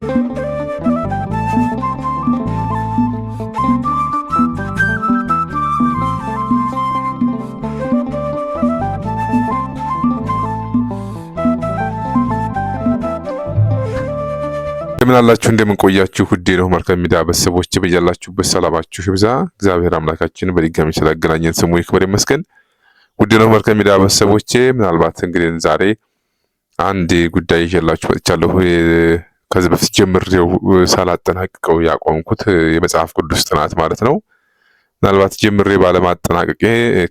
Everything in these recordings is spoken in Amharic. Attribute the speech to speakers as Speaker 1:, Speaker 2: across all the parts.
Speaker 1: እንደምን እንደምንቆያችሁ፣ እንደምን ቆያችሁ? ውዴ ነው መልካም ሚዲያ ቤተሰቦች በያላችሁበት ሰላማችሁ ይብዛ። እግዚአብሔር አምላካችን በድጋሚ ስላገናኘን ስሙ ይክበር ይመስገን። ውዴ ነው መልካም ሚዲያ ቤተሰቦቼ ምናልባት እንግዲህ ዛሬ አንድ ጉዳይ ይዤላችሁ መጥቻለሁ። ከዚህ በፊት ጀምሬው ሳላጠናቅቀው ያቆምኩት የመጽሐፍ ቅዱስ ጥናት ማለት ነው። ምናልባት ጀምሬ ባለማጠናቀቄ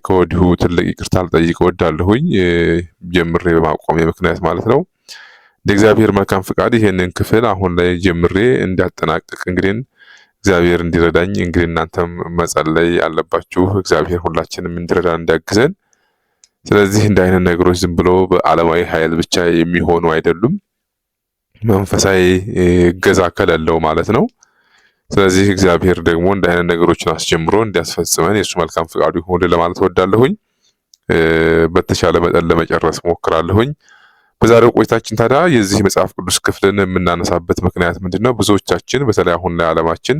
Speaker 1: ከወዲሁ ትልቅ ይቅርታ ልጠይቅ እወዳለሁኝ፣ ጀምሬ በማቆሜ ምክንያት ማለት ነው። እንደ እግዚአብሔር መልካም ፍቃድ ይሄንን ክፍል አሁን ላይ ጀምሬ እንዳጠናቅቅ እንግዲህ እግዚአብሔር እንዲረዳኝ እንግዲህ እናንተም መጸለይ አለባችሁ። እግዚአብሔር ሁላችንም እንዲረዳን እንዲያግዘን። ስለዚህ እንደ አይነት ነገሮች ዝም ብሎ በዓለማዊ ኃይል ብቻ የሚሆኑ አይደሉም። መንፈሳዊ እገዛ ከሌለው ማለት ነው። ስለዚህ እግዚአብሔር ደግሞ እንደ አይነት ነገሮችን አስጀምሮ እንዲያስፈጽመን የእሱ መልካም ፍቃዱ ይሁን ለማለት ወዳለሁኝ። በተሻለ መጠን ለመጨረስ ሞክራለሁኝ። በዛሬው ቆይታችን ታዲያ የዚህ መጽሐፍ ቅዱስ ክፍልን የምናነሳበት ምክንያት ምንድን ነው? ብዙዎቻችን በተለይ አሁን ላይ ዓለማችን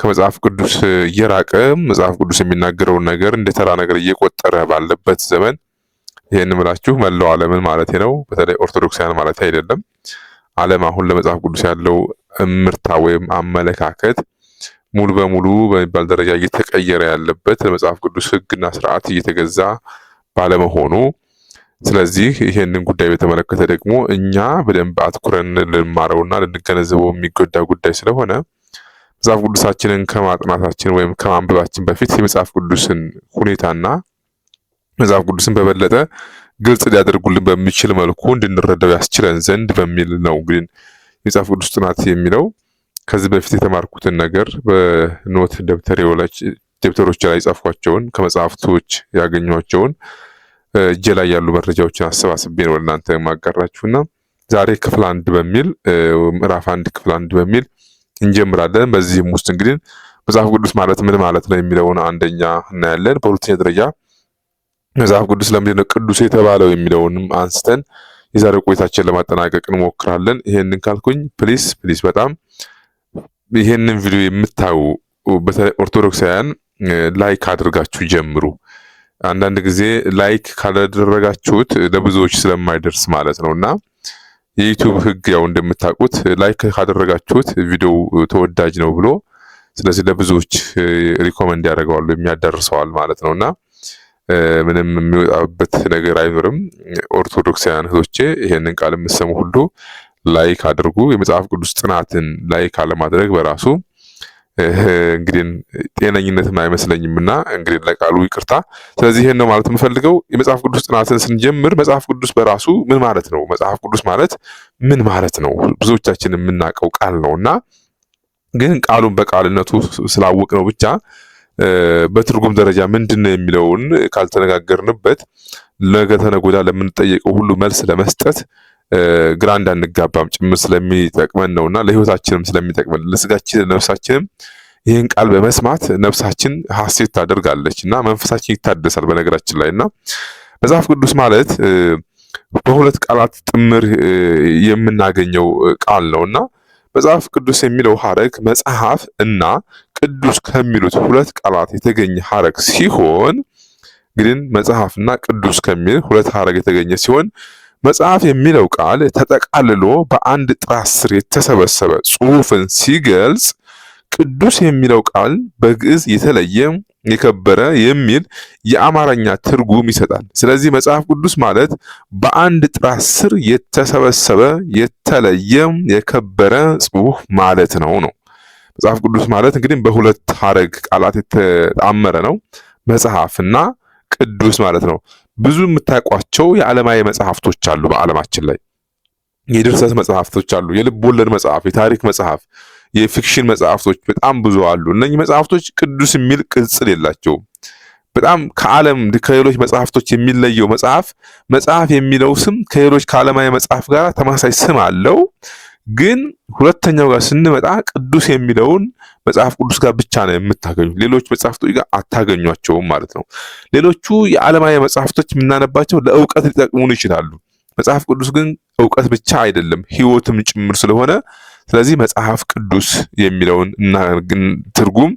Speaker 1: ከመጽሐፍ ቅዱስ እየራቀ መጽሐፍ ቅዱስ የሚናገረውን ነገር እንደ ተራ ነገር እየቆጠረ ባለበት ዘመን ይህን ምላችሁ መላው ዓለምን ማለት ነው፣ በተለይ ኦርቶዶክሳውያን ማለት አይደለም ዓለም አሁን ለመጽሐፍ ቅዱስ ያለው እምርታ ወይም አመለካከት ሙሉ በሙሉ በሚባል ደረጃ እየተቀየረ ያለበት ለመጽሐፍ ቅዱስ ሕግና ስርዓት እየተገዛ ባለመሆኑ ስለዚህ ይሄንን ጉዳይ በተመለከተ ደግሞ እኛ በደንብ አትኩረን ልንማረውና ልንገነዘበው የሚጎዳ ጉዳይ ስለሆነ መጽሐፍ ቅዱሳችንን ከማጥናታችን ወይም ከማንበባችን በፊት የመጽሐፍ ቅዱስን ሁኔታና መጽሐፍ ቅዱስን በበለጠ ግልጽ ሊያደርጉልን በሚችል መልኩ እንድንረዳው ያስችለን ዘንድ በሚል ነው። እንግዲህ የመጽሐፍ ቅዱስ ጥናት የሚለው ከዚህ በፊት የተማርኩትን ነገር በኖት ደብተሮች ላይ ጻፍኳቸውን ከመጽሐፍቶች ያገኟቸውን እጄ ላይ ያሉ መረጃዎችን አሰባስቤ ነው ለእናንተ የማጋራችሁና ዛሬ ክፍል አንድ በሚል ምዕራፍ አንድ ክፍል አንድ በሚል እንጀምራለን። በዚህም ውስጥ እንግዲህ መጽሐፍ ቅዱስ ማለት ምን ማለት ነው የሚለውን አንደኛ እናያለን። በሁለተኛ ደረጃ መጽሐፍ ቅዱስ ለምንድን ነው ቅዱስ የተባለው የሚለውንም አንስተን የዛሬ ቆይታችን ለማጠናቀቅ እንሞክራለን። ይሄንን ካልኩኝ ፕሊስ ፕሊስ በጣም ይሄንን ቪዲዮ የምታዩ በተለይ ኦርቶዶክሳውያን ላይክ አድርጋችሁ ጀምሩ። አንዳንድ ጊዜ ላይክ ካላደረጋችሁት ለብዙዎች ስለማይደርስ ማለት ነው እና የዩቱብ ህግ ያው እንደምታውቁት ላይክ ካደረጋችሁት ቪዲዮው ተወዳጅ ነው ብሎ ስለዚህ ለብዙዎች ሪኮመንድ ያደርገዋል የሚያደርሰዋል ማለት ነው እና ምንም የሚወጣበት ነገር አይኖርም። ኦርቶዶክሳውያን እህቶቼ ይሄንን ቃል የምትሰሙ ሁሉ ላይክ አድርጉ። የመጽሐፍ ቅዱስ ጥናትን ላይክ አለማድረግ በራሱ እንግዲህ ጤነኝነትም አይመስለኝም እና እንግዲህ ለቃሉ ይቅርታ። ስለዚህ ይህን ነው ማለት የምፈልገው። የመጽሐፍ ቅዱስ ጥናትን ስንጀምር መጽሐፍ ቅዱስ በራሱ ምን ማለት ነው? መጽሐፍ ቅዱስ ማለት ምን ማለት ነው? ብዙዎቻችን የምናውቀው ቃል ነው እና ግን ቃሉን በቃልነቱ ስላወቅ ነው ብቻ በትርጉም ደረጃ ምንድን ነው የሚለውን ካልተነጋገርንበት ነገ ተነገ ለምንጠየቀው ሁሉ መልስ ለመስጠት ግራ እንዳንጋባም ጭምር ስለሚጠቅመን ነውና ለህይወታችንም ስለሚጠቅመን ለስጋችን ነፍሳችንም ይህን ቃል በመስማት ነፍሳችን ሀሴት ታደርጋለች እና መንፈሳችን ይታደሳል። በነገራችን ላይ እና መጽሐፍ ቅዱስ ማለት በሁለት ቃላት ጥምር የምናገኘው ቃል ነው እና መጽሐፍ ቅዱስ የሚለው ሐረግ መጽሐፍ እና ቅዱስ ከሚሉት ሁለት ቃላት የተገኘ ሐረግ ሲሆን ግን መጽሐፍና ቅዱስ ከሚል ሁለት ሐረግ የተገኘ ሲሆን መጽሐፍ የሚለው ቃል ተጠቃልሎ በአንድ ጥራት ስር የተሰበሰበ ጽሑፍን ሲገልጽ፣ ቅዱስ የሚለው ቃል በግዕዝ የተለየ የከበረ የሚል የአማርኛ ትርጉም ይሰጣል። ስለዚህ መጽሐፍ ቅዱስ ማለት በአንድ ጥራት ስር የተሰበሰበ የተለየ የከበረ ጽሑፍ ማለት ነው ነው መጽሐፍ ቅዱስ ማለት እንግዲህ በሁለት ሐረግ ቃላት የተጣመረ ነው። መጽሐፍና ቅዱስ ማለት ነው። ብዙ የምታውቋቸው የዓለማዊ መጽሐፍቶች አሉ። በዓለማችን ላይ የድርሰት መጽሐፍቶች አሉ። የልብ ወለድ መጽሐፍ፣ የታሪክ መጽሐፍ የፊክሽን መጽሐፍቶች በጣም ብዙ አሉ። እነኚህ መጽሐፍቶች ቅዱስ የሚል ቅጽል የላቸውም። በጣም ከዓለም ከሌሎች መጽሐፍቶች የሚለየው መጽሐፍ መጽሐፍ የሚለው ስም ከሌሎች ከዓለማዊ መጽሐፍ ጋር ተመሳሳይ ስም አለው። ግን ሁለተኛው ጋር ስንመጣ ቅዱስ የሚለውን መጽሐፍ ቅዱስ ጋር ብቻ ነው የምታገኙ ሌሎች መጽሐፍቶች ጋር አታገኟቸውም ማለት ነው። ሌሎቹ የዓለማዊ መጽሐፍቶች የምናነባቸው ለእውቀት ሊጠቅሙን ይችላሉ። መጽሐፍ ቅዱስ ግን እውቀት ብቻ አይደለም፣ ሕይወትም ጭምር ስለሆነ ስለዚህ መጽሐፍ ቅዱስ የሚለውን ትርጉም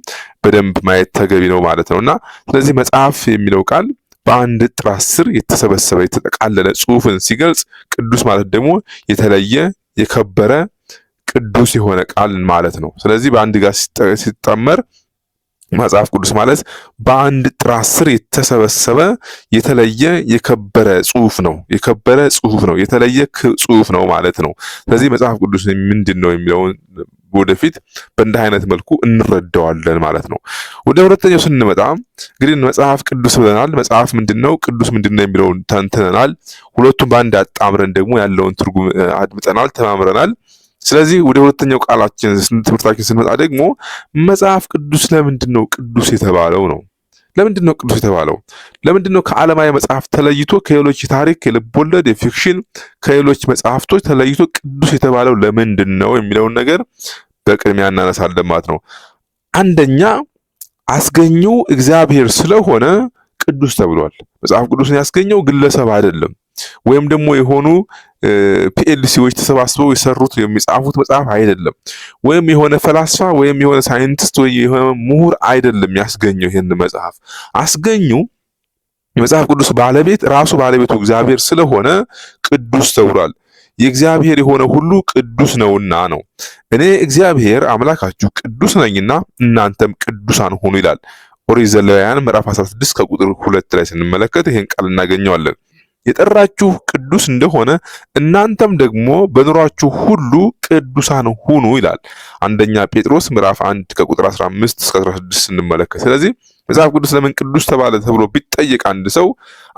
Speaker 1: በደንብ ማየት ተገቢ ነው ማለት ነው እና ስለዚህ መጽሐፍ የሚለው ቃል በአንድ ጥራት ስር የተሰበሰበ የተጠቃለለ ጽሑፍን ሲገልጽ፣ ቅዱስ ማለት ደግሞ የተለየ የከበረ ቅዱስ የሆነ ቃል ማለት ነው። ስለዚህ በአንድ ጋር ሲጠመር መጽሐፍ ቅዱስ ማለት በአንድ ጥራት ስር የተሰበሰበ የተለየ የከበረ ጽሁፍ ነው። የከበረ ጽሁፍ ነው፣ የተለየ ጽሁፍ ነው ማለት ነው። ስለዚህ መጽሐፍ ቅዱስ ምንድን ነው የሚለውን ወደፊት በእንዲህ አይነት መልኩ እንረዳዋለን ማለት ነው። ወደ ሁለተኛው ስንመጣ እንግዲህ መጽሐፍ ቅዱስ ብለናል። መጽሐፍ ምንድን ነው? ቅዱስ ምንድን ነው የሚለውን ተንትነናል። ሁለቱም በአንድ አጣምረን ደግሞ ያለውን ትርጉም አድምጠናል፣ ተማምረናል። ስለዚህ ወደ ሁለተኛው ቃላችን ትምህርታችን ስንመጣ ደግሞ መጽሐፍ ቅዱስ ለምንድን ነው ቅዱስ የተባለው ነው። ለምንድን ነው ቅዱስ የተባለው? ለምንድን ነው ከዓለማዊ መጽሐፍ ተለይቶ ከሌሎች የታሪክ የልቦለድ፣ የፊክሽን ከሌሎች መጽሐፍቶች ተለይቶ ቅዱስ የተባለው ለምንድን ነው የሚለውን ነገር በቅድሚያ እናነሳለን ማለት ነው። አንደኛ አስገኘው እግዚአብሔር ስለሆነ ቅዱስ ተብሏል። መጽሐፍ ቅዱስን ያስገኘው ግለሰብ አይደለም። ወይም ደግሞ የሆኑ ፒኤልሲዎች ተሰባስበው የሰሩት የሚጻፉት መጽሐፍ አይደለም። ወይም የሆነ ፈላስፋ ወይም የሆነ ሳይንቲስት ወይ የሆነ ምሁር አይደለም ያስገኘው ይህን መጽሐፍ አስገኙ የመጽሐፍ ቅዱስ ባለቤት ራሱ ባለቤቱ እግዚአብሔር ስለሆነ ቅዱስ ተብሏል። የእግዚአብሔር የሆነ ሁሉ ቅዱስ ነውና ነው። እኔ እግዚአብሔር አምላካችሁ ቅዱስ ነኝና እናንተም ቅዱሳን ሁኑ ይላል። ኦሪት ዘሌዋውያን ምዕራፍ 16 ከቁጥር ሁለት ላይ ስንመለከት ይህን ቃል እናገኘዋለን። የጠራችሁ ቅዱስ እንደሆነ እናንተም ደግሞ በኑሯችሁ ሁሉ ቅዱሳን ሁኑ ይላል። አንደኛ ጴጥሮስ ምዕራፍ 1 ከቁጥር 15 እስከ 16 ስንመለከት ስለዚህ መጽሐፍ ቅዱስ ለምን ቅዱስ ተባለ ተብሎ ቢጠየቅ አንድ ሰው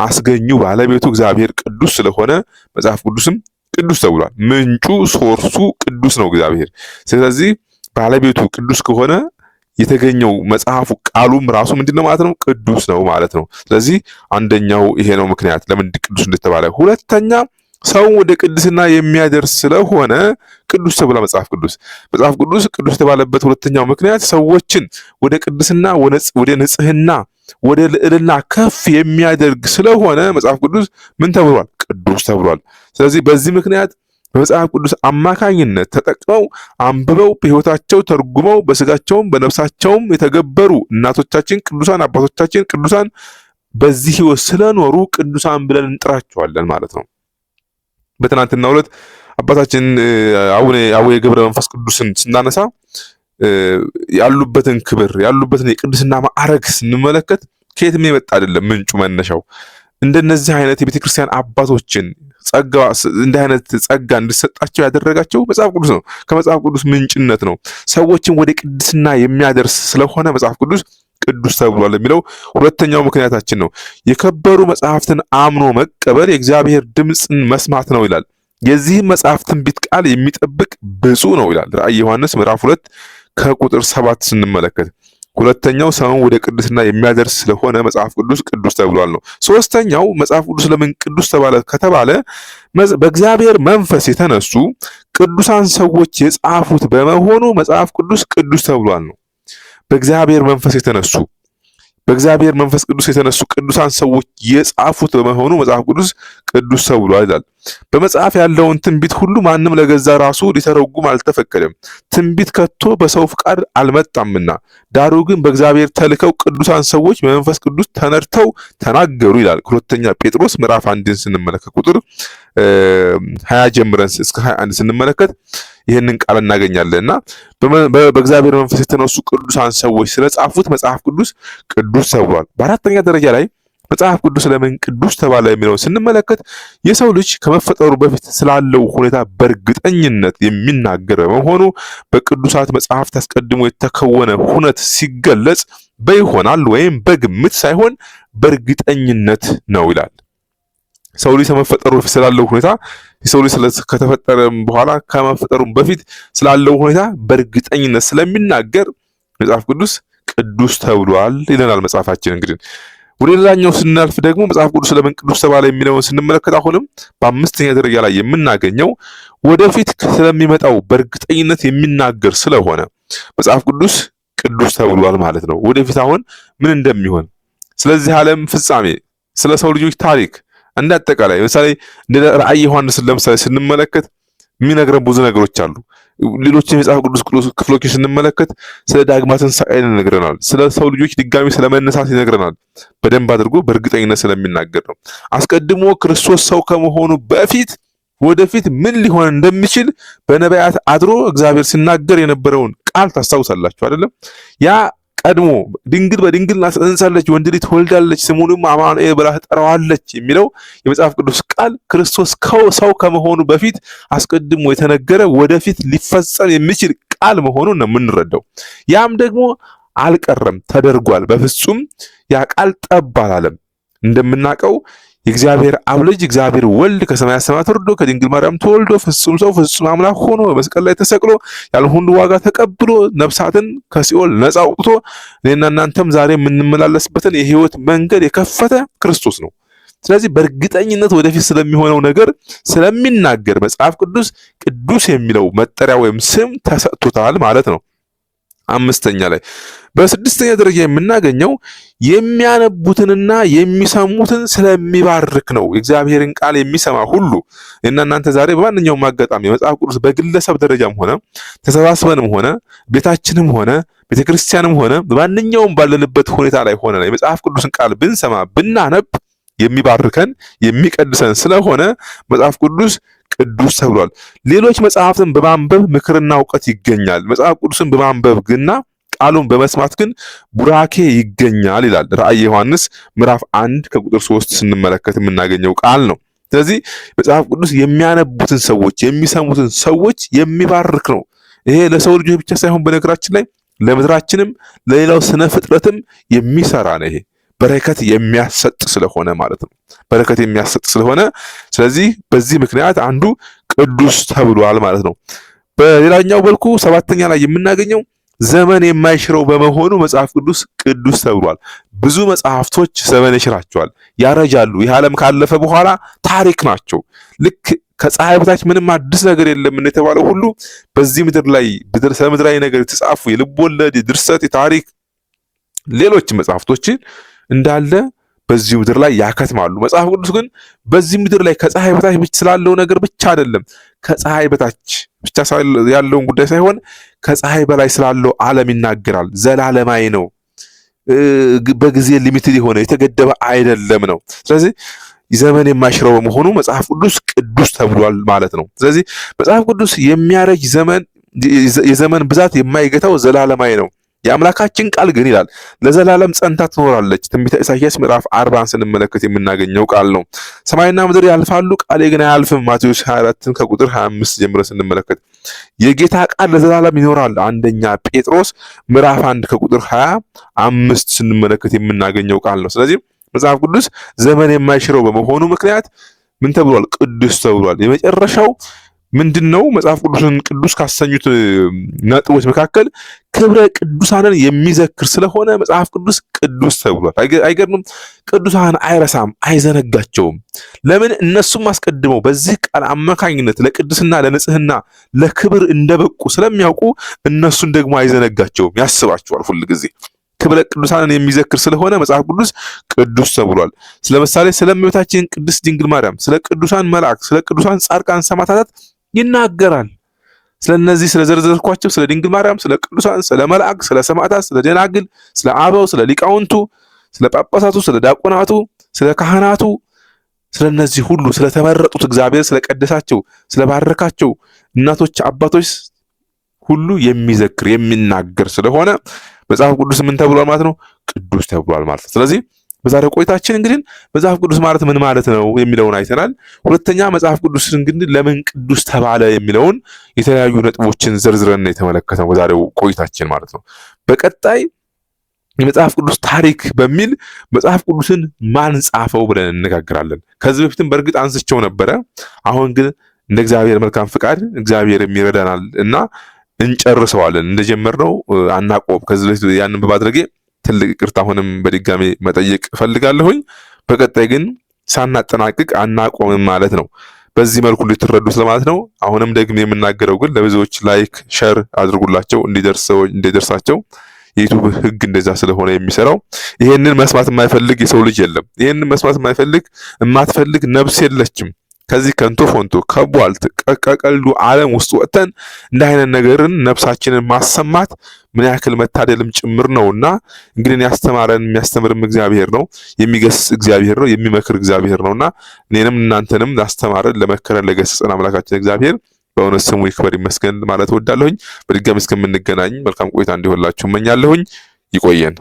Speaker 1: አስገኙ ባለቤቱ እግዚአብሔር ቅዱስ ስለሆነ መጽሐፍ ቅዱስም ቅዱስ ተብሏል። ምንጩ ሶርሱ ቅዱስ ነው እግዚአብሔር። ስለዚህ ባለቤቱ ቅዱስ ከሆነ የተገኘው መጽሐፉ ቃሉም ራሱ ምንድን ነው ማለት ነው? ቅዱስ ነው ማለት ነው። ስለዚህ አንደኛው ይሄ ነው ምክንያት ለምን ቅዱስ እንደተባለ። ሁለተኛ ሰውን ወደ ቅድስና የሚያደርስ ስለሆነ ቅዱስ ተብላ መጽሐፍ ቅዱስ መጽሐፍ ቅዱስ ቅዱስ የተባለበት ሁለተኛው ምክንያት ሰዎችን ወደ ቅድስና፣ ወደ ንጽህና፣ ወደ ልዕልና ከፍ የሚያደርግ ስለሆነ መጽሐፍ ቅዱስ ምን ተብሏል? ቅዱስ ተብሏል። ስለዚህ በዚህ ምክንያት በመጽሐፍ ቅዱስ አማካኝነት ተጠቅመው አንብበው በሕይወታቸው ተርጉመው በስጋቸውም በነፍሳቸውም የተገበሩ እናቶቻችን፣ ቅዱሳን አባቶቻችን፣ ቅዱሳን በዚህ ሕይወት ስለኖሩ ቅዱሳን ብለን እንጥራቸዋለን ማለት ነው። በትናንትናው ዕለት አባታችን አቡነ አቡነ ገብረ መንፈስ ቅዱስን ስናነሳ ያሉበትን ክብር ያሉበትን የቅድስና ማዕረግ ስንመለከት ከየትም የመጣ አይደለም ምንጩ መነሻው እንደነዚህ አይነት የቤተክርስቲያን አባቶችን ጸጋ እንዲህ አይነት ጸጋ እንዲሰጣቸው ያደረጋቸው መጽሐፍ ቅዱስ ነው። ከመጽሐፍ ቅዱስ ምንጭነት ነው። ሰዎችን ወደ ቅድስና የሚያደርስ ስለሆነ መጽሐፍ ቅዱስ ቅዱስ ተብሏል የሚለው ሁለተኛው ምክንያታችን ነው። የከበሩ መጽሐፍትን አምኖ መቀበል የእግዚአብሔር ድምፅን መስማት ነው ይላል። የዚህም መጽሐፍ ትንቢት ቃል የሚጠብቅ ብፁ ነው ይላል ራእይ ዮሐንስ ምዕራፍ ሁለት ከቁጥር ሰባት ስንመለከት ሁለተኛው ሰውን ወደ ቅድስና የሚያደርስ ስለሆነ መጽሐፍ ቅዱስ ቅዱስ ተብሏል ነው። ሶስተኛው መጽሐፍ ቅዱስ ለምን ቅዱስ ተባለ ከተባለ በእግዚአብሔር መንፈስ የተነሱ ቅዱሳን ሰዎች የጻፉት በመሆኑ መጽሐፍ ቅዱስ ቅዱስ ተብሏል ነው። በእግዚአብሔር መንፈስ የተነሱ በእግዚአብሔር መንፈስ ቅዱስ የተነሱ ቅዱሳን ሰዎች የጻፉት በመሆኑ መጽሐፍ ቅዱስ ቅዱስ ተብሏል ይላል። በመጽሐፍ ያለውን ትንቢት ሁሉ ማንም ለገዛ ራሱ ሊተረጉም አልተፈቀደም። ትንቢት ከቶ በሰው ፍቃድ አልመጣምና፣ ዳሩ ግን በእግዚአብሔር ተልከው ቅዱሳን ሰዎች በመንፈስ ቅዱስ ተነድተው ተናገሩ ይላል። ሁለተኛ ጴጥሮስ ምዕራፍ አንድን ስንመለከት ቁጥር ሀያ ጀምረን እስከ ሀያ አንድ ስንመለከት ይህንን ቃል እናገኛለን እና በእግዚአብሔር መንፈስ የተነሱ ቅዱሳን ሰዎች ስለጻፉት መጽሐፍ ቅዱስ ቅዱስ ተብሏል። በአራተኛ ደረጃ ላይ መጽሐፍ ቅዱስ ለምን ቅዱስ ተባለ የሚለውን ስንመለከት የሰው ልጅ ከመፈጠሩ በፊት ስላለው ሁኔታ በእርግጠኝነት የሚናገር በመሆኑ በቅዱሳት መጽሐፍት አስቀድሞ የተከወነ ሁነት ሲገለጽ በይሆናል ወይም በግምት ሳይሆን በእርግጠኝነት ነው ይላል። ሰው ልጅ ከመፈጠሩ በፊት ስላለው ሁኔታ የሰው ልጅ ከተፈጠረም በኋላ ከመፈጠሩም በፊት ስላለው ሁኔታ በእርግጠኝነት ስለሚናገር መጽሐፍ ቅዱስ ቅዱስ ተብሏል ይለናል መጽሐፋችን እንግዲህ ወደ ሌላኛው ስናልፍ ደግሞ መጽሐፍ ቅዱስ ለምን ቅዱስ ተባለ የሚለውን ስንመለከት አሁንም በአምስተኛ ደረጃ ላይ የምናገኘው ወደፊት ስለሚመጣው በእርግጠኝነት የሚናገር ስለሆነ መጽሐፍ ቅዱስ ቅዱስ ተብሏል ማለት ነው። ወደፊት አሁን ምን እንደሚሆን ስለዚህ ዓለም ፍጻሜ፣ ስለ ሰው ልጆች ታሪክ እንደ አጠቃላይ ለምሳሌ እንደ ራእይ ዮሐንስን ለምሳሌ ስንመለከት የሚነግረን ብዙ ነገሮች አሉ። ሌሎች የመጽሐፍ ቅዱስ ክፍሎችን ስንመለከት ስለ ዳግማ ትንሣኤ ይነግረናል። ስለ ሰው ልጆች ድጋሚ ስለመነሳት ይነግረናል። በደንብ አድርጎ በእርግጠኝነት ስለሚናገር ነው። አስቀድሞ ክርስቶስ ሰው ከመሆኑ በፊት ወደፊት ምን ሊሆን እንደሚችል በነቢያት አድሮ እግዚአብሔር ሲናገር የነበረውን ቃል ታስታውሳላችሁ አይደለም? ያ ቀድሞ ድንግል በድንግልና ጸንሳለች ወንድ ልጅ ትወልዳለች ስሙንም አማኑኤል ብላ ትጠራዋለች የሚለው የመጽሐፍ ቅዱስ ቃል ክርስቶስ ሰው ከመሆኑ በፊት አስቀድሞ የተነገረ ወደፊት ሊፈጸም የሚችል ቃል መሆኑን ነው የምንረዳው። ያም ደግሞ አልቀረም፣ ተደርጓል። በፍጹም ያ ቃል ጠብ አላለም። እንደምናውቀው የእግዚአብሔር አብ ልጅ እግዚአብሔር ወልድ ከሰማያት ሰማያት ወርዶ ከድንግል ማርያም ተወልዶ ፍጹም ሰው ፍጹም አምላክ ሆኖ በመስቀል ላይ ተሰቅሎ ሁሉ ዋጋ ተቀብሎ ነፍሳትን ከሲኦል ነፃ አውጥቶ እኔና እናንተም ዛሬ የምንመላለስበትን የህይወት መንገድ የከፈተ ክርስቶስ ነው። ስለዚህ በእርግጠኝነት ወደፊት ስለሚሆነው ነገር ስለሚናገር መጽሐፍ ቅዱስ ቅዱስ የሚለው መጠሪያ ወይም ስም ተሰጥቶታል ማለት ነው። አምስተኛ ላይ በስድስተኛ ደረጃ የምናገኘው የሚያነቡትንና የሚሰሙትን ስለሚባርክ ነው። የእግዚአብሔርን ቃል የሚሰማ ሁሉ እና እናንተ ዛሬ በማንኛውም አጋጣሚ መጽሐፍ ቅዱስ በግለሰብ ደረጃም ሆነ ተሰባስበንም ሆነ ቤታችንም ሆነ ቤተክርስቲያንም ሆነ በማንኛውም ባለንበት ሁኔታ ላይ ሆነ የመጽሐፍ ቅዱስን ቃል ብንሰማ ብናነብ የሚባርከን የሚቀድሰን ስለሆነ መጽሐፍ ቅዱስ ቅዱስ ተብሏል። ሌሎች መጽሐፍትን በማንበብ ምክርና እውቀት ይገኛል። መጽሐፍ ቅዱስን በማንበብ ግና ቃሉን በመስማት ግን ቡራኬ ይገኛል ይላል ራእየ ዮሐንስ ምዕራፍ አንድ ከቁጥር ሶስት ስንመለከት የምናገኘው ቃል ነው። ስለዚህ መጽሐፍ ቅዱስ የሚያነቡትን ሰዎች የሚሰሙትን ሰዎች የሚባርክ ነው። ይሄ ለሰው ልጆች ብቻ ሳይሆን በነገራችን ላይ ለምድራችንም ለሌላው ስነ ፍጥረትም የሚሰራ ነው ይሄ በረከት የሚያሰጥ ስለሆነ ማለት ነው። በረከት የሚያሰጥ ስለሆነ ስለዚህ በዚህ ምክንያት አንዱ ቅዱስ ተብሏል ማለት ነው። በሌላኛው በልኩ ሰባተኛ ላይ የምናገኘው ዘመን የማይሽረው በመሆኑ መጽሐፍ ቅዱስ ቅዱስ ተብሏል። ብዙ መጽሐፍቶች ዘመን ይሽራቸዋል፣ ያረጃሉ። ይህ ዓለም ካለፈ በኋላ ታሪክ ናቸው። ልክ ከፀሐይ በታች ምንም አዲስ ነገር የለም የተባለው ሁሉ በዚህ ምድር ላይ ስለምድራዊ ነገር የተጻፉ የልብ ወለድ፣ የድርሰት፣ የታሪክ ሌሎች መጽሐፍቶችን እንዳለ በዚህ ምድር ላይ ያከትማሉ። መጽሐፍ ቅዱስ ግን በዚህ ምድር ላይ ከፀሐይ በታች ስላለው ነገር ብቻ አይደለም፣ ከፀሐይ በታች ብቻ ያለውን ጉዳይ ሳይሆን ከፀሐይ በላይ ስላለው ዓለም ይናገራል። ዘላለማዊ ነው። በጊዜ ሊሚትድ የሆነ የተገደበ አይደለም ነው። ስለዚህ ዘመን የማይሽረው በመሆኑ መጽሐፍ ቅዱስ ቅዱስ ተብሏል ማለት ነው። ስለዚህ መጽሐፍ ቅዱስ የሚያረጅ ዘመን የዘመን ብዛት የማይገታው ዘላለማዊ ነው። የአምላካችን ቃል ግን ይላል ለዘላለም ጸንታ ትኖራለች። ትንቢተ ኢሳያስ ምዕራፍ አርባን ስንመለከት የምናገኘው ቃል ነው። ሰማይና ምድር ያልፋሉ፣ ቃሌ ግን አያልፍም። ማቴዎስ 24 ከቁጥር 25 ጀምረ ስንመለከት የጌታ ቃል ለዘላለም ይኖራል። አንደኛ ጴጥሮስ ምዕራፍ 1 ከቁጥር 25 ስንመለከት የምናገኘው ቃል ነው። ስለዚህ መጽሐፍ ቅዱስ ዘመን የማይሽረው በመሆኑ ምክንያት ምን ተብሏል? ቅዱስ ተብሏል። የመጨረሻው ምንድን ነው መጽሐፍ ቅዱስን ቅዱስ ካሰኙት ነጥቦች መካከል ክብረ ቅዱሳንን የሚዘክር ስለሆነ መጽሐፍ ቅዱስ ቅዱስ ተብሏል። አይገርምም? ቅዱሳን አይረሳም፣ አይዘነጋቸውም። ለምን? እነሱም አስቀድመው በዚህ ቃል አማካኝነት ለቅድስና፣ ለንጽህና፣ ለክብር እንደበቁ ስለሚያውቁ እነሱን ደግሞ አይዘነጋቸውም፣ ያስባቸዋል ሁል ጊዜ ክብረ ቅዱሳንን የሚዘክር ስለሆነ መጽሐፍ ቅዱስ ቅዱስ ተብሏል። ስለምሳሌ ስለ እመቤታችን ቅድስት ድንግል ማርያም፣ ስለ ቅዱሳን መላእክት፣ ስለ ቅዱሳን ጻድቃን ሰማዕታት ይናገራል። ስለነዚህ ስለ ዘርዘርኳቸው ስለ ድንግል ማርያም፣ ስለ ቅዱሳን፣ ስለ መላእክ፣ ስለ ሰማዕታት፣ ስለ ደናግል፣ ስለ አበው፣ ስለ ሊቃውንቱ፣ ስለ ጳጳሳቱ፣ ስለ ዲያቆናቱ፣ ስለ ካህናቱ፣ ስለ እነዚህ ሁሉ ስለተመረጡት እግዚአብሔር ስለቀደሳቸው፣ ስለባረካቸው እናቶች፣ አባቶች ሁሉ የሚዘክር የሚናገር ስለሆነ መጽሐፍ ቅዱስ ምን ተብሏል ማለት ነው? ቅዱስ ተብሏል ማለት ነው። ስለዚህ በዛሬው ቆይታችን እንግዲህ መጽሐፍ ቅዱስ ማለት ምን ማለት ነው የሚለውን አይተናል። ሁለተኛ መጽሐፍ ቅዱስ እንግዲህ ለምን ቅዱስ ተባለ የሚለውን የተለያዩ ነጥቦችን ዘርዝረን የተመለከተው በዛሬው ቆይታችን ማለት ነው። በቀጣይ የመጽሐፍ ቅዱስ ታሪክ በሚል መጽሐፍ ቅዱስን ማን ጻፈው ብለን እንነጋገራለን። ከዚህ በፊትም በእርግጥ አንስቸው ነበረ። አሁን ግን እንደ እግዚአብሔር መልካም ፍቃድ እግዚአብሔር የሚረዳናል እና እንጨርሰዋለን። እንደጀመርነው አናቆም። ከዚህ በፊት ያንን በማድረጌ ትልቅ ይቅርታ አሁንም በድጋሚ መጠየቅ እፈልጋለሁኝ። በቀጣይ ግን ሳናጠናቅቅ አናቆምም ማለት ነው። በዚህ መልኩ እንዲትረዱት ስለማለት ነው። አሁንም ደግሞ የምናገረው ግን ለብዙዎች ላይክ ሸር አድርጉላቸው እንዲደርሳቸው የዩቱብ ህግ እንደዛ ስለሆነ የሚሰራው። ይሄንን መስማት የማይፈልግ የሰው ልጅ የለም። ይሄንን መስማት የማይፈልግ የማትፈልግ ነብስ የለችም። ከዚህ ከንቱ ፎንቱ ከቧል ቀቀልዱ ዓለም ውስጥ ወጥተን እንደ አይነት ነገርን ነፍሳችንን ማሰማት ምን ያክል መታደልም ጭምር ነውና እንግዲህ ያስተማረን የሚያስተምርም እግዚአብሔር ነው፣ የሚገስጽ እግዚአብሔር ነው፣ የሚመክር እግዚአብሔር ነውና እኔንም እናንተንም ላስተማረን፣ ለመከረን፣ ለገሰጸን አምላካችን እግዚአብሔር በእውነት ስሙ ይክበር ይመስገን ማለት ወዳለሁኝ። በድጋሚ እስከምንገናኝ መልካም ቆይታ እንዲሆንላችሁ እመኛለሁኝ። ይቆየን።